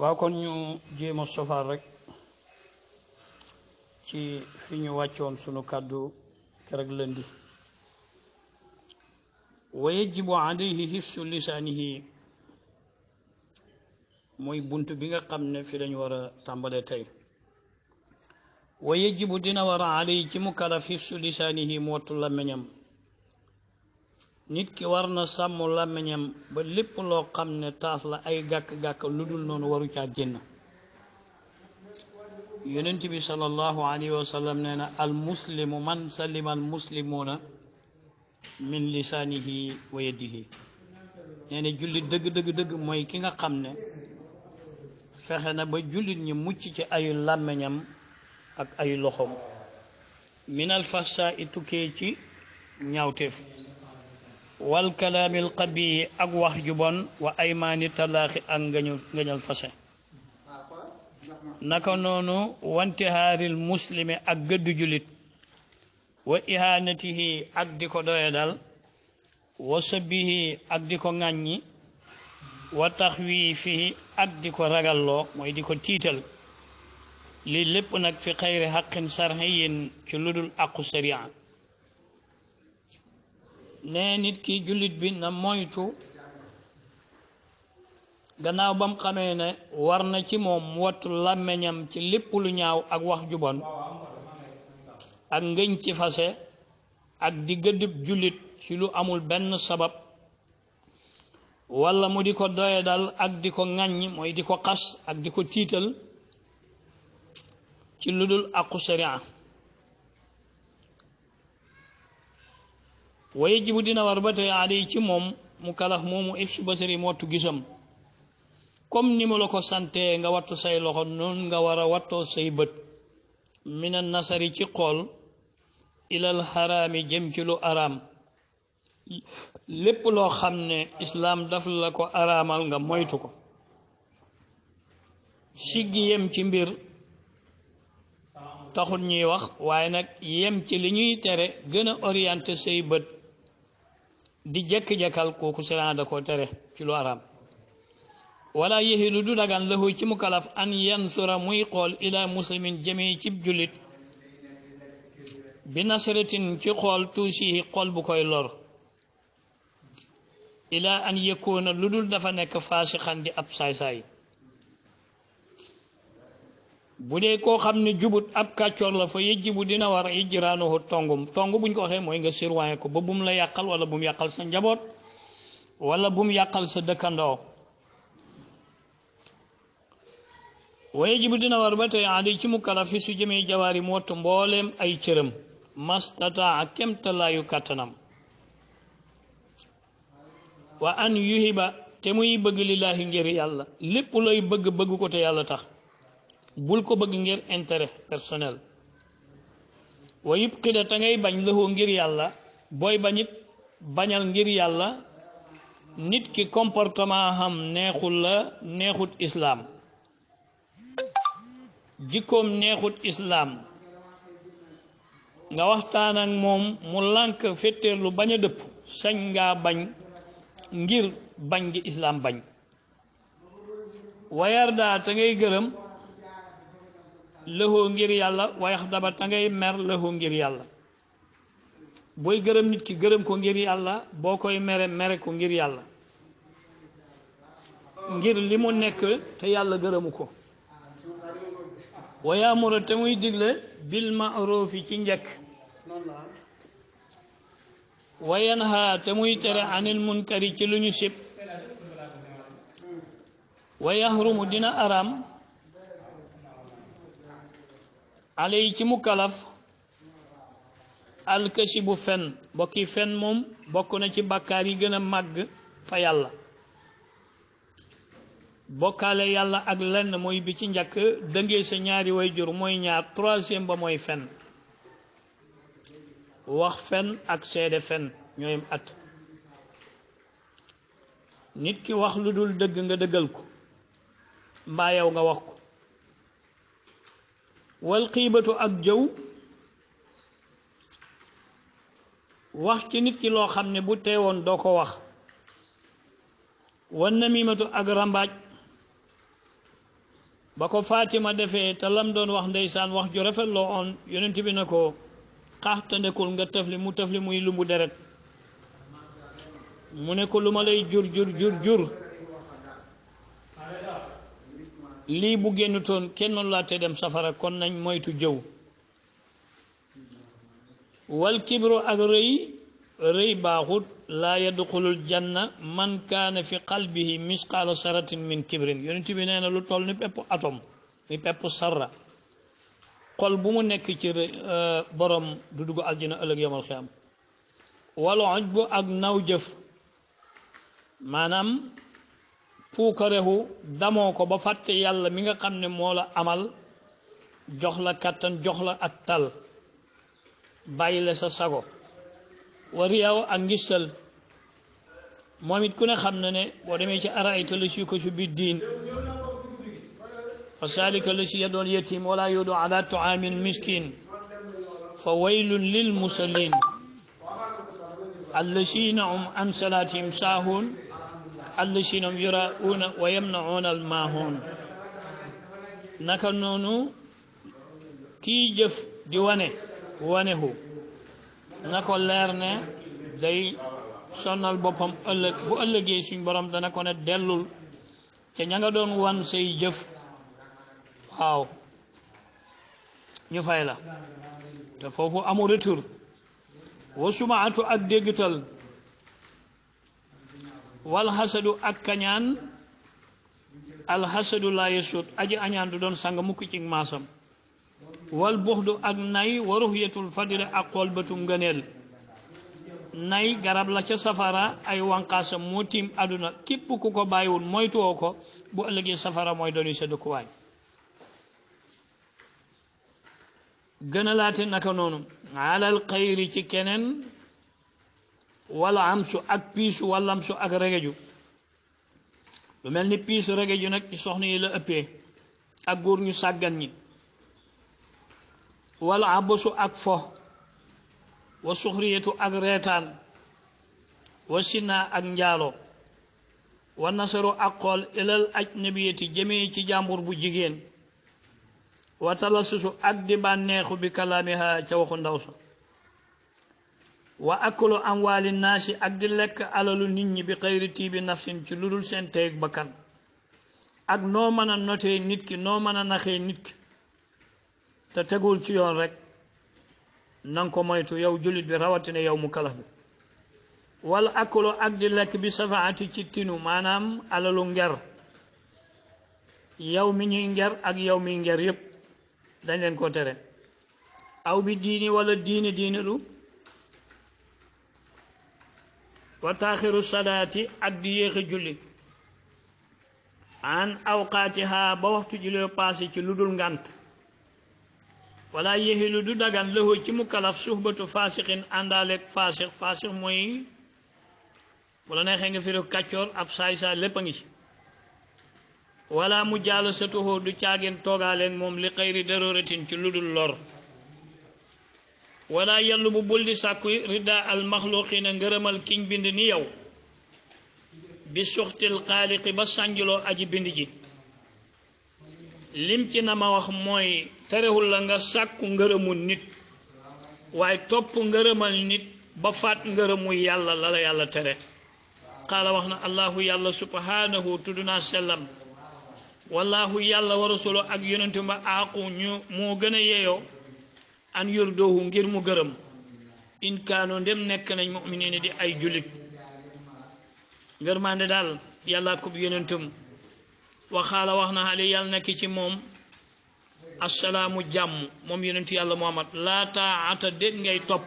waaw kon ñu jéema sofaar rek ci fi ñu wàccoon sunu kàddu kerek lëndi wa yajibu alayhi hifsu lisanihi mooy bunt bi nga xam ne fi lañ war a tàmbalee tey wa yajibu dina war alayhi ci mukalaf hifsu lisanihi mootu la meñam nit ki war na sàmm làmmiñam ba lépp loo xam ne taas la ay gàkk-gàkk lu dul noonu waru caa génn yonent bi sallallahu alayhi wa sallam nee na al muslimu man salima al muslimuuna min lisaanihi wa yadihi nee na jullit dëgg dëgg dëgg mooy ki nga xam ne fexe na ba jullit ñi mucc ci ayu làmmiñam ak ay loxoom min al fahsaa ci ñaawteef والكلام القبيح أقوح جبن وأيمان التلاخ أنجن الفسح نكونون وانتهار المسلم أقد جلد وإهانته أقد كدويدل وسبه أقد كنغني وتخويفه أقد كرغل ويد كتيتل للبنك في خير حق سرهي كلد الأقصريان ne nit ki jullit bi na moytu gannaaw ba mu xamee ne war na ci moom wattu làmmiñam ci lépp lu ñaaw ak wax ju bon ak ngëñ ci fase ak di gëddub jullit ci lu amul benn sabab walla mu di ko doye dal ak di ko ŋàññ mooy di ko xas ak di ko tiital ci lu dul aqu sharia waye jibudina warbata aley ci moom mu kalaf moomu ifsu basari mottu gisam comme ni ma la ko sante nga watto say loxo noonu nga war a wattoo say bët minan nasari ci xool ilal harami jëm ci lu araam lépp loo xam ne islaam daf la ko araamal nga moytu ko siggi yem ci mbir taxun ñuy wax waaye nag yem ci li ñuy tere gën a orienté say bët di jekk-jekkal kooku sariya da ko tere ci lu araam wala yehilu du dagan lahu ci mu an yansura muy xool ila muslimin jëme ci jullit bi nasratin ci xool tuusihi xool bu koy lor ila an yakuna lu dul dafa nekk faasixan di ab saay-saay bu dee koo xam ne jubut ab kàccoor la fa yejjibu dina war ijraanuhu tongum tong buñ ko waxee mooy nga surveiller ko ba bum la yàqal wala bum yàqal sa njaboot wala bum yàqal sa dëkkandoo wa yejjibu dina war ba tey andi ci mukkala fi su jëmee jawaari mu wattu mbooleem ay cëram mastata ak kàttanam wa an yuhiba te muy bëgg lillaahi ngir yàlla lépp looy bëgg bëgg ko te yàlla tax bul ko bëgg ngir intérêt personnel wayib yubqida ta ngay bañ lëxoo ngir yalla boy bañit bañal ngir yalla nit ki comportement ham neexul la neexut Islam, jikom neexut islam nga waxtaan ak mom mu lank fetter lu baña depp sañ nga bañ ngir bañ gi islam bañ wayardaa te ngay lëxoo ngir yàlla waaye xam daba ta ngay mer lëxoo ngir yàlla booy gërëm nit ki gërëm ko ngir yàlla boo koy mere mere ko ngir yàlla ngir li mu nekk te yàlla gërëmu ko wa yaamuru te muy digle bil ma'rufi ci njëkk wa te muy tere anil munkari ci lu ñu sib wa yahrumu dina aram alay ci mu kalaf alkashi bu fen bokki fen moom bokk na ci bàkkaar yi gën a màgg fa yàlla bokkaale yàlla ak lenn mooy bi ci njakk dëngee sa ñaari way jur mooy ñaar troisième ba mooy fen wax fen ak seede fen ñooyam at nit ki wax lu dul dëgg nga dëggal ko mbaa yow nga wax ko wal xiibatu ak jëw wax ci nit ki loo xam ne bu teewoon doo ko wax wan namimatu ak rambaaj ba ko Fatima defee te lam doon wax ndeysaan wax ju rafet loo oon yonent bi na ko xaaxtandekul nga tëfli mu tëfli muy lumbu deret mu ne ko lu ma lay jur jur jur jur li bu gennuton toon kenn mënu laa te dem safara kon nañ moytu jëw wal kibru ak rëy rëy baxut la yadkhulul janna man kana fi qalbihi misqaala saratin min kibrin yonent bi neena lu toll ni pep atom ni pep sarra xol bu mu nek ci borom du dugg aljina ëllëg yomal xiyaam wal ujbu ak nawjef manam فوكره دمو كو بفات يالا ميغا خامني مولا عمل جوخلا كاتن جوخلا اتال بايلا لا سا ساغو ورياو انغيسل موميت كونا خامنا ني بو ديمي سي ارايت لا شي كوشو بي دين فسالك لا شي يدون يتيم ولا يود على طعام مسكين فويل للمسلين الذين هم عن صلاتهم ساهون allusinum yura'una wa yamna'una al-maa'un naka noonu kii jëf di wane wanehu na ko leer ne day sonnal boppam ëllëg bu ëllëgee suñ borom dana ko ne dellul te ña nga doon wan sey jëf waaw ñu fay la te foofu amul retour wa sumaatu ak déggital walxasadu ak kañaan alxasadu laa yasut aji añaan du doon sang mukk ci maasam wal buxdu ak nay wa ruxyatul fadli ak xool bëtu ngëneel nay garab la ca safara ay wanqaasam moo tiim àdduna képp ku ko bàyyiwul moytuwoo ko bu ëllëgee safara mooy dooni sa dëkkuwaay gën naka noonu alal xayri ci keneen wala am ak piisu wala ak regeju lu mel ni piisu regeju nag ci soxna yi la ëppee ak góor ñu sàggan ñi wala abasu ak fo wa suxriyatu ak reetaan wa sinaa ak njaalo wa nasaru ak xool ilal ajnabiyati jëmee ci jàmbur bu jigéen wa talasusu ak di bànneexu bi kalaamiha ca waxu ndaw sa wa akulu amwaali naasi ak di lekk alalu nit ñi bi xayri tiibi nafsin ci lu dul seen teeg bakkan ak noo mën a notee nit ki noo mën a naxee nit ki te tegul ci yoon rek nanga ko moytu yow jullit bi rawatina yow mu kalaf bi wala akulu ak di lekk bi safaati ci tinu maanaam alalu nger yow mi ñuy nger ak yow mi nger yépp dañ leen ko tere aw bi diini wala diini diini lu wa taaxiru salaati ak di yéexi julli an awqaatiha ba waxtu julli paase ci lu dul ngànt wala yeexilu du dagan lëxoo ci mu kalaf suhbatu faasixin àndaaleeg faasix faasix mooy bu la neexee nga firi kàccoor ab saay saa lépp a ngi ci wala mu jaalo sa tuxoo du caagin toogaaleeg moom li xëyri daruratin ci lu dul lor wala yàlla bu bul di sàkku rida al maxluqina ngërëmal kiñ bind ni yow bi suxtil xaaliqi ba sànjuloo aji bind ji lim ci na ma wax mooy terewul la nga sàkku ngërëmu nit waaye topp ngërëmal nit ba faat ngërëmu yàlla la la yàlla tere qaala wax na allahu yàlla subhanahu tudd naa sellam wallahu yàlla wa rasulu ak yonentu ma ñu moo gën a yeyoo an yurdoohu ngir mu gërëm in ndem nekk nañ mu'miniina di ay jullit ngërmaande daal yàlla kub yonentum waxaala wax na xale yàlla nekk ci moom assalaamu jàmm moom yonentu yàlla muhammad laa taa'ata dégg ngay topp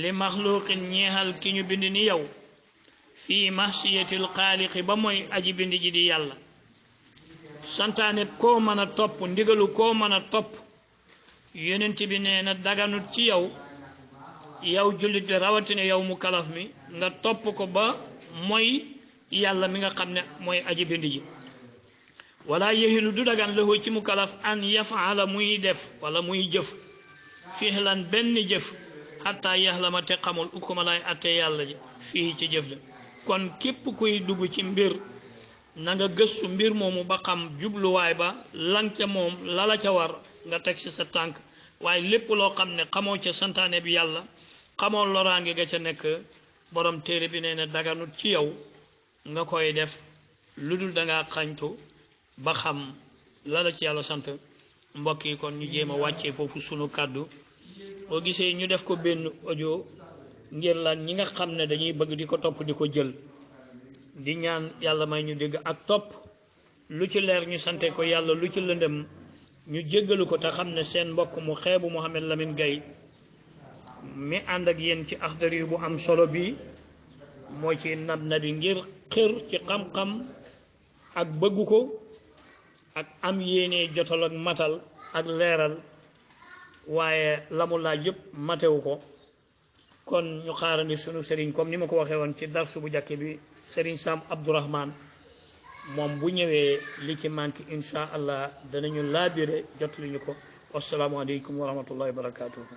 li maxluuqin ñeexal ki ñu bind ni yow fii mahsiyatil xaaliqi ba mooy aji bind ji di yàlla santaane koo mën a topp ndigalu koo mën a topp yonent bi nee na daganut ci yaw yow jullit bi rawatina yow mu kalaf mi nga topp ko ba mooy yàlla mi nga xam ne mooy aji bind ji wala yahilu du dagan lahu ci mu kalaf an yafaala muy def wala muy jëf fihlan benn jëf xataa yaxlama te xamul ukuma lay yàlla ji fii ci jëf la kon képp kuy dugg ci mbir na nga gëstu mbir moomu ba xam jubluwaay ba lan moom lala ca war nga teg ci sa tànk waaye lépp loo xam ne xamoo ca santaane bi yàlla xamoo loraange ga ca nekk boroom téere bi nee na daganut ci yow nga koy def lu dul danga xañtu ba xam lala ci yàlla sant mbokk yi kon ñu jéem a wàccee foofu sunu kàddu boo gisee ñu def ko benn audio ngir lan ñi nga xam ne dañuy bëgg di ko topp di ko jël di ñaan yàlla may ñu dégg ak topp lu ci leer ñu sante ko yàlla lu ci lëndëm ñu jéggalu ko te xam ne seen mbokk mu xeebu Mouhamed Lamine gay mi ànd ak yéen ci axdari bu am solo bi moo ci nab na di ngir xër ci xam-xam ak bëggu ko ak am yéene jotal ak matal ak leeral waaye lamu laaj yëpp matewu ko kon ñu xaarandi sunu sëriñ comme ni ma ko waxee woon ci darsu bu jàkki bi sëriñ Sam Abdourahman moom bu ñëwee li ci manqué incha allah danañu laabire jot li ñu ko wasalaamualeykum wa rahmatullahi wa barakatuhu